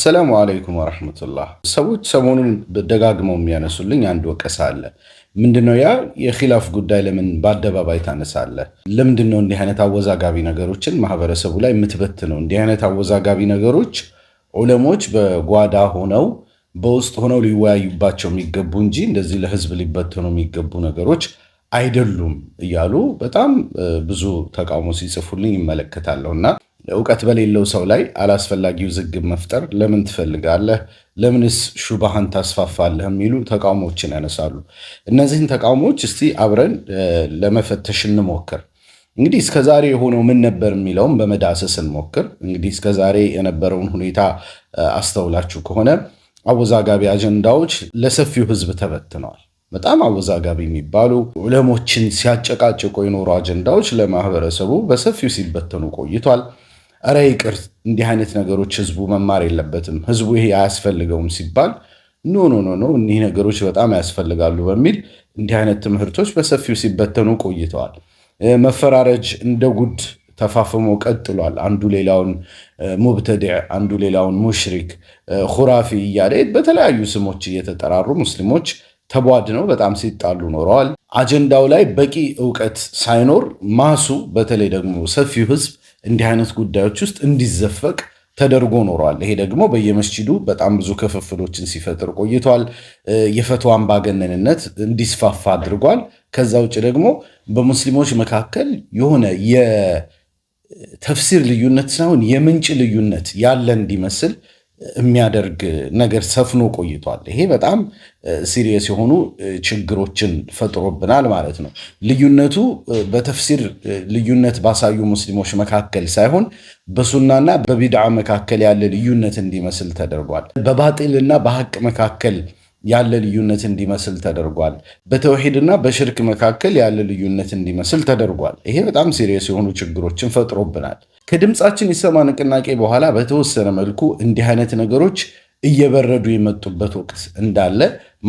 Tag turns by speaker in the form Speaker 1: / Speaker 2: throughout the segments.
Speaker 1: አሰላሙ አለይኩም ወረሕመቱላህ። ሰዎች ሰሞኑን ደጋግመው የሚያነሱልኝ አንድ ወቀሳ አለ። ምንድነው ያ? የኪላፍ ጉዳይ ለምን በአደባባይ ታነሳለህ? ለምንድነው እንዲህ አይነት አወዛጋቢ ነገሮችን ማህበረሰቡ ላይ የምትበትነው? እንዲህ አይነት አወዛጋቢ ነገሮች ዑለሞች በጓዳ ሆነው በውስጥ ሆነው ሊወያዩባቸው የሚገቡ እንጂ እንደዚህ ለህዝብ ሊበተኑ የሚገቡ ነገሮች አይደሉም እያሉ በጣም ብዙ ተቃውሞ ሲጽፉልኝ ይመለከታለሁ እና እውቀት በሌለው ሰው ላይ አላስፈላጊ ውዝግብ መፍጠር ለምን ትፈልጋለህ? ለምንስ ሹባህን ታስፋፋለህ? የሚሉ ተቃውሞችን ያነሳሉ። እነዚህን ተቃውሞዎች እስቲ አብረን ለመፈተሽ እንሞክር። እንግዲህ እስከ ዛሬ የሆነው ምን ነበር የሚለውም በመዳሰስ እንሞክር። እንግዲህ እስከ ዛሬ የነበረውን ሁኔታ አስተውላችሁ ከሆነ አወዛጋቢ አጀንዳዎች ለሰፊው ህዝብ ተበትነዋል። በጣም አወዛጋቢ የሚባሉ ዑለሞችን ሲያጨቃጭቁ የኖሩ አጀንዳዎች ለማህበረሰቡ በሰፊው ሲበተኑ ቆይቷል። እረ ይቅር፣ እንዲህ አይነት ነገሮች ህዝቡ መማር የለበትም ህዝቡ ይሄ አያስፈልገውም ሲባል ኖ ኖ ኖ ኖ እኒህ ነገሮች በጣም ያስፈልጋሉ በሚል እንዲህ አይነት ትምህርቶች በሰፊው ሲበተኑ ቆይተዋል። መፈራረጅ እንደ ጉድ ተፋፍሞ ቀጥሏል። አንዱ ሌላውን ሙብተዲዕ፣ አንዱ ሌላውን ሙሽሪክ፣ ሁራፊ እያለ በተለያዩ ስሞች እየተጠራሩ ሙስሊሞች ተቧድነው በጣም ሲጣሉ ኖረዋል። አጀንዳው ላይ በቂ እውቀት ሳይኖር ማሱ በተለይ ደግሞ ሰፊው ህዝብ እንዲህ አይነት ጉዳዮች ውስጥ እንዲዘፈቅ ተደርጎ ኖረዋል። ይሄ ደግሞ በየመስጂዱ በጣም ብዙ ክፍፍሎችን ሲፈጥር ቆይቷል። የፈትዋ አምባገነንነት እንዲስፋፋ አድርጓል። ከዛ ውጭ ደግሞ በሙስሊሞች መካከል የሆነ የተፍሲር ልዩነት ሳይሆን የምንጭ ልዩነት ያለ እንዲመስል የሚያደርግ ነገር ሰፍኖ ቆይቷል። ይሄ በጣም ሲሪየስ የሆኑ ችግሮችን ፈጥሮብናል ማለት ነው። ልዩነቱ በተፍሲር ልዩነት ባሳዩ ሙስሊሞች መካከል ሳይሆን በሱናና በቢድዓ መካከል ያለ ልዩነት እንዲመስል ተደርጓል። በባጢልና በሀቅ መካከል ያለ ልዩነት እንዲመስል ተደርጓል። በተውሂድና በሽርክ መካከል ያለ ልዩነት እንዲመስል ተደርጓል። ይሄ በጣም ሲሪየስ የሆኑ ችግሮችን ፈጥሮብናል። ከድምፃችን ይሰማ ንቅናቄ በኋላ በተወሰነ መልኩ እንዲህ አይነት ነገሮች እየበረዱ የመጡበት ወቅት እንዳለ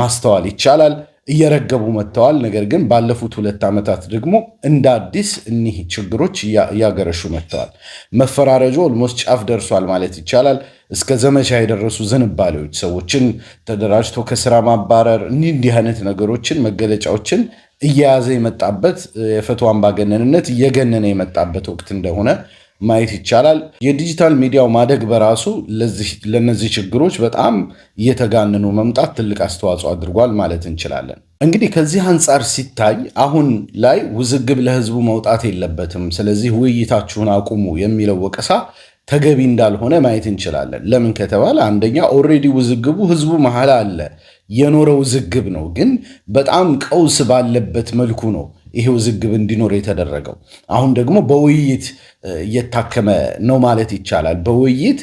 Speaker 1: ማስተዋል ይቻላል። እየረገቡ መጥተዋል። ነገር ግን ባለፉት ሁለት ዓመታት ደግሞ እንደ አዲስ እኒህ ችግሮች እያገረሹ መጥተዋል። መፈራረጆ ኦልሞስት ጫፍ ደርሷል ማለት ይቻላል። እስከ ዘመቻ የደረሱ ዝንባሌዎች፣ ሰዎችን ተደራጅቶ ከስራ ማባረር፣ እንዲህ እንዲህ አይነት ነገሮችን መገለጫዎችን እየያዘ የመጣበት የፈቶ አምባገነንነት እየገነነ የመጣበት ወቅት እንደሆነ ማየት ይቻላል። የዲጂታል ሚዲያው ማደግ በራሱ ለነዚህ ችግሮች በጣም እየተጋነኑ መምጣት ትልቅ አስተዋጽኦ አድርጓል ማለት እንችላለን። እንግዲህ ከዚህ አንጻር ሲታይ አሁን ላይ ውዝግብ ለህዝቡ መውጣት የለበትም፣ ስለዚህ ውይይታችሁን አቁሙ የሚለው ወቀሳ ተገቢ እንዳልሆነ ማየት እንችላለን። ለምን ከተባለ አንደኛ ኦልሬዲ ውዝግቡ ህዝቡ መሀል አለ የኖረ ውዝግብ ነው፣ ግን በጣም ቀውስ ባለበት መልኩ ነው ይሄ ውዝግብ እንዲኖር የተደረገው። አሁን ደግሞ በውይይት እየታከመ ነው ማለት ይቻላል። በውይይት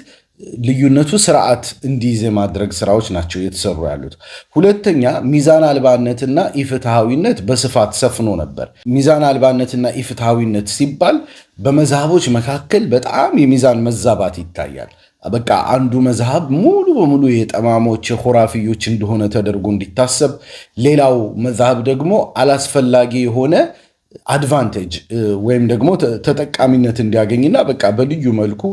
Speaker 1: ልዩነቱ ስርዓት እንዲይዝ የማድረግ ስራዎች ናቸው እየተሰሩ ያሉት። ሁለተኛ ሚዛን አልባነትና ኢፍትሐዊነት በስፋት ሰፍኖ ነበር። ሚዛን አልባነትና ኢፍትሐዊነት ሲባል በመዛቦች መካከል በጣም የሚዛን መዛባት ይታያል። በቃ አንዱ መዝሃብ ሙሉ በሙሉ የጠማሞች የሆራፊዮች እንደሆነ ተደርጎ እንዲታሰብ፣ ሌላው መዝሃብ ደግሞ አላስፈላጊ የሆነ አድቫንቴጅ ወይም ደግሞ ተጠቃሚነት እንዲያገኝና በቃ በልዩ መልኩ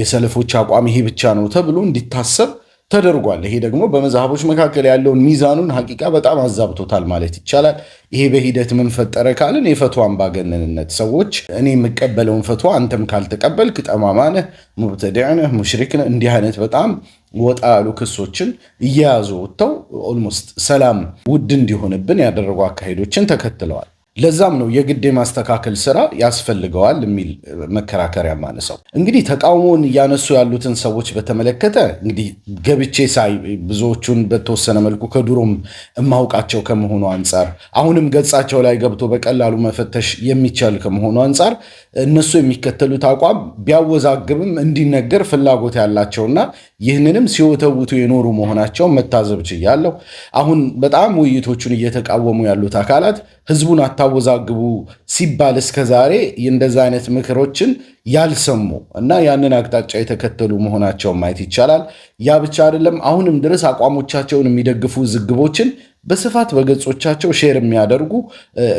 Speaker 1: የሰለፎች አቋም ይሄ ብቻ ነው ተብሎ እንዲታሰብ ተደርጓል። ይሄ ደግሞ በመዛሃቦች መካከል ያለውን ሚዛኑን ሀቂቃ በጣም አዛብቶታል ማለት ይቻላል። ይሄ በሂደት ምን ፈጠረ ካልን የፈትዋ አምባገነንነት፣ ሰዎች እኔ የምቀበለውን ፈትዋ አንተም ካልተቀበልክ ጠማማ ነህ፣ ሙብተዲዕ ነህ፣ ሙሽሪክ ነህ፣ እንዲህ አይነት በጣም ወጣ ያሉ ክሶችን እየያዙ ወጥተው ኦልሞስት ሰላም ውድ እንዲሆንብን ያደረጉ አካሄዶችን ተከትለዋል። ለዛም ነው የግድ የማስተካከል ስራ ያስፈልገዋል የሚል መከራከሪያ ማነሳው። እንግዲህ ተቃውሞውን እያነሱ ያሉትን ሰዎች በተመለከተ እንግዲህ ገብቼ ሳይ ብዙዎቹን በተወሰነ መልኩ ከዱሮም እማውቃቸው ከመሆኑ አንጻር አሁንም ገጻቸው ላይ ገብቶ በቀላሉ መፈተሽ የሚቻል ከመሆኑ አንጻር እነሱ የሚከተሉት አቋም ቢያወዛግብም እንዲነገር ፍላጎት ያላቸውና ይህንንም ሲወተውቱ የኖሩ መሆናቸውን መታዘብ ችያለሁ። አሁን በጣም ውይይቶቹን እየተቃወሙ ያሉት አካላት ህዝቡን አታ አታወዛግቡ ሲባል እስከዛሬ እንደዛ አይነት ምክሮችን ያልሰሙ እና ያንን አቅጣጫ የተከተሉ መሆናቸውን ማየት ይቻላል። ያ ብቻ አይደለም፣ አሁንም ድረስ አቋሞቻቸውን የሚደግፉ ዝግቦችን በስፋት በገጾቻቸው ሼር የሚያደርጉ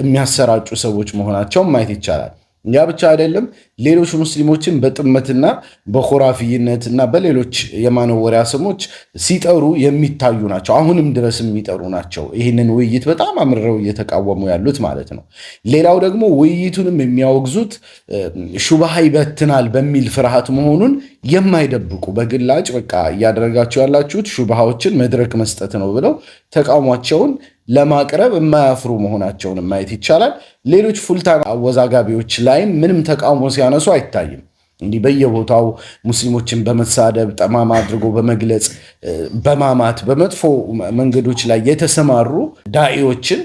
Speaker 1: የሚያሰራጩ ሰዎች መሆናቸውን ማየት ይቻላል። እኛ ብቻ አይደለም፣ ሌሎች ሙስሊሞችን በጥመትና በኮራፊይነትና በሌሎች የማነወሪያ ስሞች ሲጠሩ የሚታዩ ናቸው። አሁንም ድረስ የሚጠሩ ናቸው። ይህንን ውይይት በጣም አምርረው እየተቃወሙ ያሉት ማለት ነው። ሌላው ደግሞ ውይይቱንም የሚያወግዙት ሹባሃ ይበትናል በሚል ፍርሃት መሆኑን የማይደብቁ በግላጭ በቃ እያደረጋቸው ያላችሁት ሹባሃዎችን መድረክ መስጠት ነው ብለው ተቃውሟቸውን ለማቅረብ የማያፍሩ መሆናቸውን ማየት ይቻላል። ሌሎች ፉልታን አወዛጋቢዎች ላይም ምንም ተቃውሞ ሲያነሱ አይታይም። እንዲህ በየቦታው ሙስሊሞችን በመሳደብ ጠማማ አድርጎ በመግለጽ በማማት በመጥፎ መንገዶች ላይ የተሰማሩ ዳኢዎችን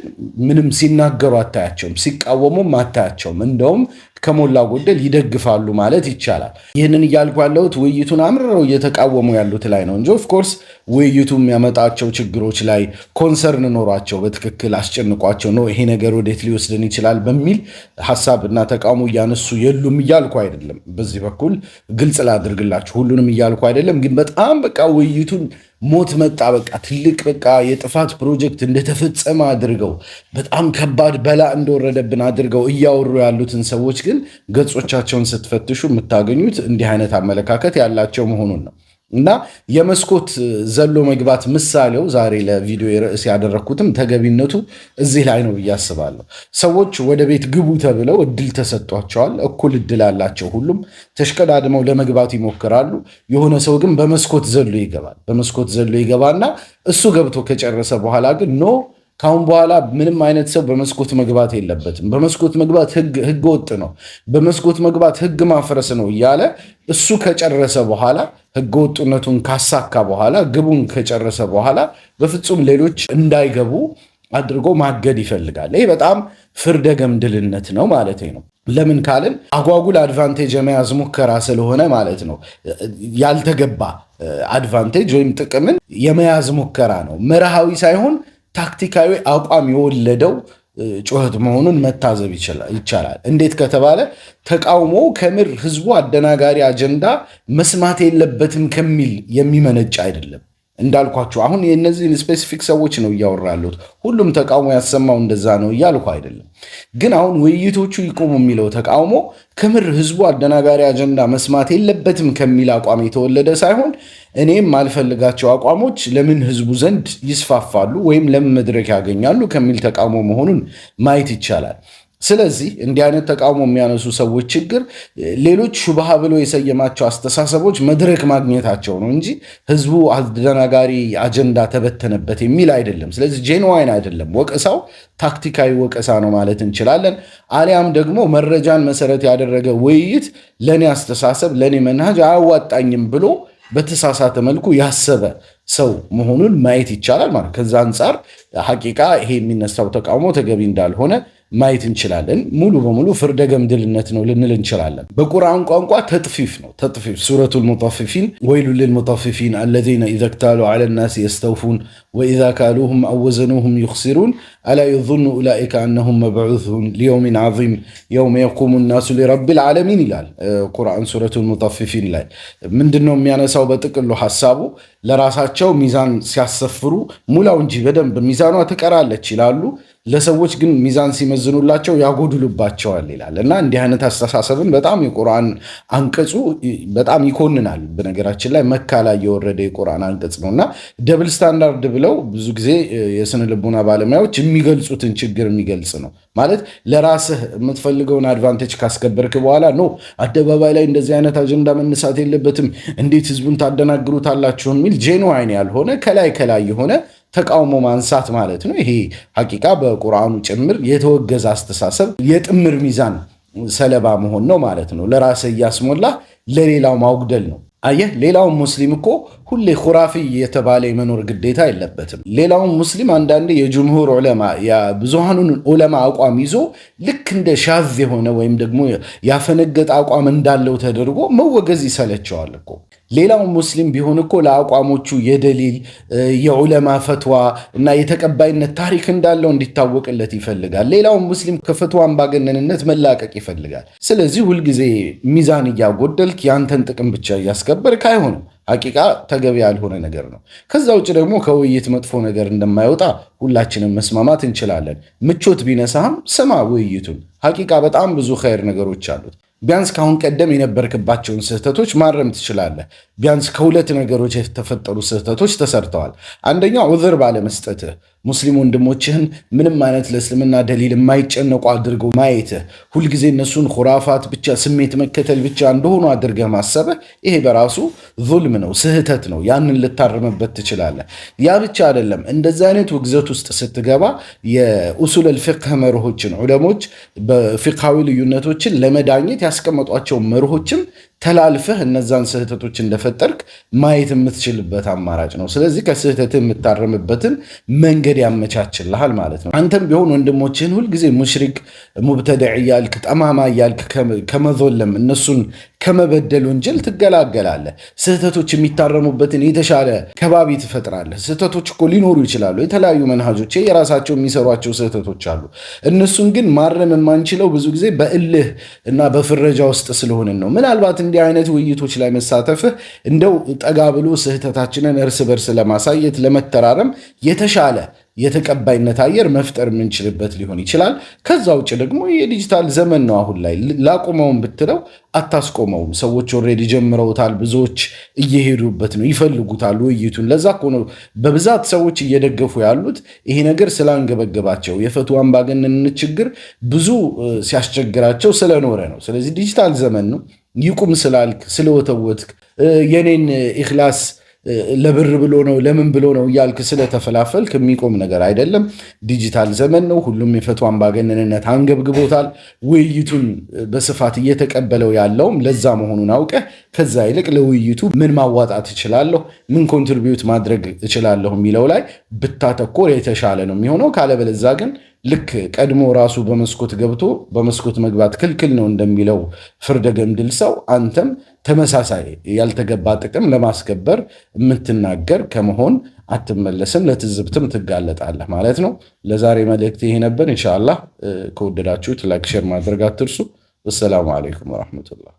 Speaker 1: ምንም ሲናገሩ አታያቸውም፣ ሲቃወሙም አታያቸውም። እንደውም ከሞላ ጎደል ይደግፋሉ ማለት ይቻላል። ይህንን እያልኩ ያለሁት ውይይቱን አምርረው እየተቃወሙ ያሉት ላይ ነው እንጂ ኦፍኮርስ ውይይቱ የሚያመጣቸው ችግሮች ላይ ኮንሰርን ኖሯቸው በትክክል አስጨንቋቸው ነው ይሄ ነገር ወዴት ሊወስድን ይችላል በሚል ሀሳብ እና ተቃውሞ እያነሱ የሉም እያልኩ አይደለም። በዚህ በኩል ግልጽ ላድርግላችሁ፣ ሁሉንም እያልኩ አይደለም። ግን በጣም በቃ ውይይቱን ሞት መጣ። በቃ ትልቅ በቃ የጥፋት ፕሮጀክት እንደተፈጸመ አድርገው በጣም ከባድ በላ እንደወረደብን አድርገው እያወሩ ያሉትን ሰዎች ግን ገጾቻቸውን ስትፈትሹ የምታገኙት እንዲህ አይነት አመለካከት ያላቸው መሆኑን ነው። እና የመስኮት ዘሎ መግባት ምሳሌው ዛሬ ለቪዲዮ ርዕስ ያደረግኩትም ተገቢነቱ እዚህ ላይ ነው ብዬ አስባለሁ። ሰዎች ወደ ቤት ግቡ ተብለው እድል ተሰጥቷቸዋል። እኩል እድል አላቸው። ሁሉም ተሽቀዳድመው ለመግባት ይሞክራሉ። የሆነ ሰው ግን በመስኮት ዘሎ ይገባል። በመስኮት ዘሎ ይገባና እሱ ገብቶ ከጨረሰ በኋላ ግን ኖ ካሁን በኋላ ምንም አይነት ሰው በመስኮት መግባት የለበትም፣ በመስኮት መግባት ህግ ወጥ ነው፣ በመስኮት መግባት ህግ ማፍረስ ነው እያለ እሱ ከጨረሰ በኋላ ህገወጥነቱን ካሳካ በኋላ ግቡን ከጨረሰ በኋላ በፍጹም ሌሎች እንዳይገቡ አድርጎ ማገድ ይፈልጋል። ይህ በጣም ፍርደ ገምድልነት ነው ማለት ነው። ለምን ካልን አጓጉል አድቫንቴጅ የመያዝ ሙከራ ስለሆነ ማለት ነው። ያልተገባ አድቫንቴጅ ወይም ጥቅምን የመያዝ ሙከራ ነው። መርሃዊ ሳይሆን ታክቲካዊ አቋም የወለደው ጩኸት መሆኑን መታዘብ ይቻላል። እንዴት ከተባለ ተቃውሞ ከምር ህዝቡ አደናጋሪ አጀንዳ መስማት የለበትም ከሚል የሚመነጭ አይደለም። እንዳልኳቸው አሁን የእነዚህን ስፔሲፊክ ሰዎች ነው እያወራ ያለሁት። ሁሉም ተቃውሞ ያሰማው እንደዛ ነው እያልኩ አይደለም። ግን አሁን ውይይቶቹ ይቆሙ የሚለው ተቃውሞ ከምር ህዝቡ አደናጋሪ አጀንዳ መስማት የለበትም ከሚል አቋም የተወለደ ሳይሆን እኔም ማልፈልጋቸው አቋሞች ለምን ህዝቡ ዘንድ ይስፋፋሉ ወይም ለምን መድረክ ያገኛሉ ከሚል ተቃውሞ መሆኑን ማየት ይቻላል። ስለዚህ እንዲህ አይነት ተቃውሞ የሚያነሱ ሰዎች ችግር ሌሎች ሹባሃ ብሎ የሰየማቸው አስተሳሰቦች መድረክ ማግኘታቸው ነው እንጂ ህዝቡ አደናጋሪ አጀንዳ ተበተነበት የሚል አይደለም። ስለዚህ ጄንዋይን አይደለም ወቀሳው፣ ታክቲካዊ ወቀሳ ነው ማለት እንችላለን። አሊያም ደግሞ መረጃን መሰረት ያደረገ ውይይት ለእኔ አስተሳሰብ ለእኔ መናሃጅ አያዋጣኝም ብሎ በተሳሳተ መልኩ ያሰበ ሰው መሆኑን ማየት ይቻላል ማለት ከዛ አንጻር ሀቂቃ ይሄ የሚነሳው ተቃውሞ ተገቢ እንዳልሆነ ማየት እንችላለን። ሙሉ በሙሉ ፍርደ ገምድልነት ነው ልንል እንችላለን። በቁርአን ቋንቋ ተጥፊፍ ነው። ተጥፊፍ ሱረቱል ሙጠፊፊን ወይሉ ልልሙጠፊፊን አለዚነ ኢዛ ክታሉ ዐለ ናስ የስተውፉን ወኢዛ ካሉሁም አወዘኑሁም ዩኽሲሩን አላ የዙኑ ኡላኢከ አነሁም መብዑሱን ሊየውሚን ዐዚም የውመ የቁሙ ናሱ ሊረቢል ዓለሚን ይላል ቁርአን ሱረቱል ሙጠፊፊን ላይ ምንድን ነው የሚያነሳው? በጥቅሉ ሀሳቡ ለራሳቸው ሚዛን ሲያሰፍሩ ሙላው እንጂ በደንብ ሚዛኗ ትቀራለች ይላሉ። ለሰዎች ግን ሚዛን ሲመዝኑላቸው ያጎድሉባቸዋል ይላል እና እንዲህ አይነት አስተሳሰብን በጣም የቁርአን አንቀጹ በጣም ይኮንናል። በነገራችን ላይ መካ ላይ የወረደ የቁርአን አንቀጽ ነው እና ደብል ስታንዳርድ ብለው ብዙ ጊዜ የስነ ልቦና ባለሙያዎች የሚገልጹትን ችግር የሚገልጽ ነው ማለት ለራስህ የምትፈልገውን አድቫንቴጅ ካስከበርክ በኋላ ኖ አደባባይ ላይ እንደዚህ አይነት አጀንዳ መነሳት የለበትም እንዴት ህዝቡን ታደናግሩታላችሁ የሚል ጄንዋይን ያልሆነ ከላይ ከላይ የሆነ ተቃውሞ ማንሳት ማለት ነው። ይሄ ሀቂቃ በቁርአኑ ጭምር የተወገዘ አስተሳሰብ የጥምር ሚዛን ሰለባ መሆን ነው ማለት ነው። ለራስህ እያስሞላ ለሌላው ማውግደል ነው። አየህ፣ ሌላውን ሙስሊም እኮ ሁሌ ኩራፊ የተባለ የመኖር ግዴታ የለበትም። ሌላውን ሙስሊም አንዳንዴ የጅምሁር ዑለማ ብዙሃኑን ዑለማ አቋም ይዞ ልክ እንደ ሻዝ የሆነ ወይም ደግሞ ያፈነገጠ አቋም እንዳለው ተደርጎ መወገዝ ይሰለቸዋል እኮ ሌላው ሙስሊም ቢሆን እኮ ለአቋሞቹ የደሊል የዑለማ ፈትዋ እና የተቀባይነት ታሪክ እንዳለው እንዲታወቅለት ይፈልጋል። ሌላው ሙስሊም ከፈትዋ አምባገነንነት መላቀቅ ይፈልጋል። ስለዚህ ሁልጊዜ ሚዛን እያጎደልክ ያንተን ጥቅም ብቻ እያስከበርክ አይሆንም። ሐቂቃ ተገቢ ያልሆነ ነገር ነው። ከዛ ውጭ ደግሞ ከውይይት መጥፎ ነገር እንደማይወጣ ሁላችንም መስማማት እንችላለን። ምቾት ቢነሳህም ስማ ውይይቱን። ሐቂቃ በጣም ብዙ ኸይር ነገሮች አሉት። ቢያንስ ከአሁን ቀደም የነበርክባቸውን ስህተቶች ማረም ትችላለህ። ቢያንስ ከሁለት ነገሮች የተፈጠሩ ስህተቶች ተሰርተዋል። አንደኛው ዑዝር ባለመስጠትህ ሙስሊም ወንድሞችህን ምንም አይነት ለእስልምና ደሊል የማይጨነቁ አድርገው ማየትህ፣ ሁልጊዜ እነሱን ሁራፋት ብቻ ስሜት መከተል ብቻ እንደሆኑ አድርገህ ማሰብህ፣ ይሄ በራሱ ዙልም ነው፣ ስህተት ነው። ያንን ልታርምበት ትችላለህ። ያ ብቻ አይደለም። እንደዚህ አይነት ውግዘት ውስጥ ስትገባ የኡሱል አልፊቅህ መርሆችን ዑለሞች በፊቅሃዊ ልዩነቶችን ለመዳኘት ያስቀመጧቸው መርሆችም ተላልፈህ እነዛን ስህተቶች እንደፈጠርክ ማየት የምትችልበት አማራጭ ነው። ስለዚህ ከስህተት የምታረምበትን መንገድ ያመቻችልሃል ማለት ነው። አንተም ቢሆን ወንድሞችህን ሁልጊዜ ሙሽሪክ፣ ሙብተደዕ እያልክ ጠማማ እያልክ ከመዞለም እነሱን ከመበደል ወንጀል ትገላገላለህ። ስህተቶች የሚታረሙበትን የተሻለ ከባቢ ትፈጥራለህ። ስህተቶች እኮ ሊኖሩ ይችላሉ። የተለያዩ መንሃጆች የራሳቸው የሚሰሯቸው ስህተቶች አሉ። እነሱን ግን ማረም የማንችለው ብዙ ጊዜ በእልህ እና በፍረጃ ውስጥ ስለሆንን ነው። ምናልባት እንዲህ አይነት ውይይቶች ላይ መሳተፍህ እንደው ጠጋ ብሎ ስህተታችንን እርስ በርስ ለማሳየት ለመተራረም የተሻለ የተቀባይነት አየር መፍጠር የምንችልበት ሊሆን ይችላል። ከዛ ውጭ ደግሞ የዲጂታል ዘመን ነው አሁን ላይ ላቁመውን ብትለው አታስቆመውም። ሰዎች ኦልሬዲ ጀምረውታል። ብዙዎች እየሄዱበት ነው፣ ይፈልጉታል ውይይቱን። ለዛ እኮ ነው በብዛት ሰዎች እየደገፉ ያሉት። ይሄ ነገር ስላንገበገባቸው የፈቱ አምባገነን ችግር ብዙ ሲያስቸግራቸው ስለኖረ ነው። ስለዚህ ዲጂታል ዘመን ነው ይቁም ስላልክ ስለወተወትክ የኔን ኢኽላስ ለብር ብሎ ነው ለምን ብሎ ነው እያልክ ስለተፈላፈልክ የሚቆም ነገር አይደለም። ዲጂታል ዘመን ነው። ሁሉም የፈቶ አምባገነንነት አንገብግቦታል። ውይይቱን በስፋት እየተቀበለው ያለውም ለዛ መሆኑን አውቀህ ከዛ ይልቅ ለውይይቱ ምን ማዋጣት እችላለሁ፣ ምን ኮንትሪቢዩት ማድረግ እችላለሁ የሚለው ላይ ብታተኮር የተሻለ ነው የሚሆነው። ካለበለዛ ግን ልክ ቀድሞ ራሱ በመስኮት ገብቶ በመስኮት መግባት ክልክል ነው እንደሚለው ፍርደ ገምድል ሰው አንተም ተመሳሳይ ያልተገባ ጥቅም ለማስከበር የምትናገር ከመሆን አትመለስም፣ ለትዝብትም ትጋለጣለህ ማለት ነው። ለዛሬ መልእክት ይሄ ነበር። ኢንሻላህ ከወደዳችሁት ላይክ፣ ሼር ማድረግ አትርሱ። ወሰላሙ አለይኩም ወረሕመቱላህ።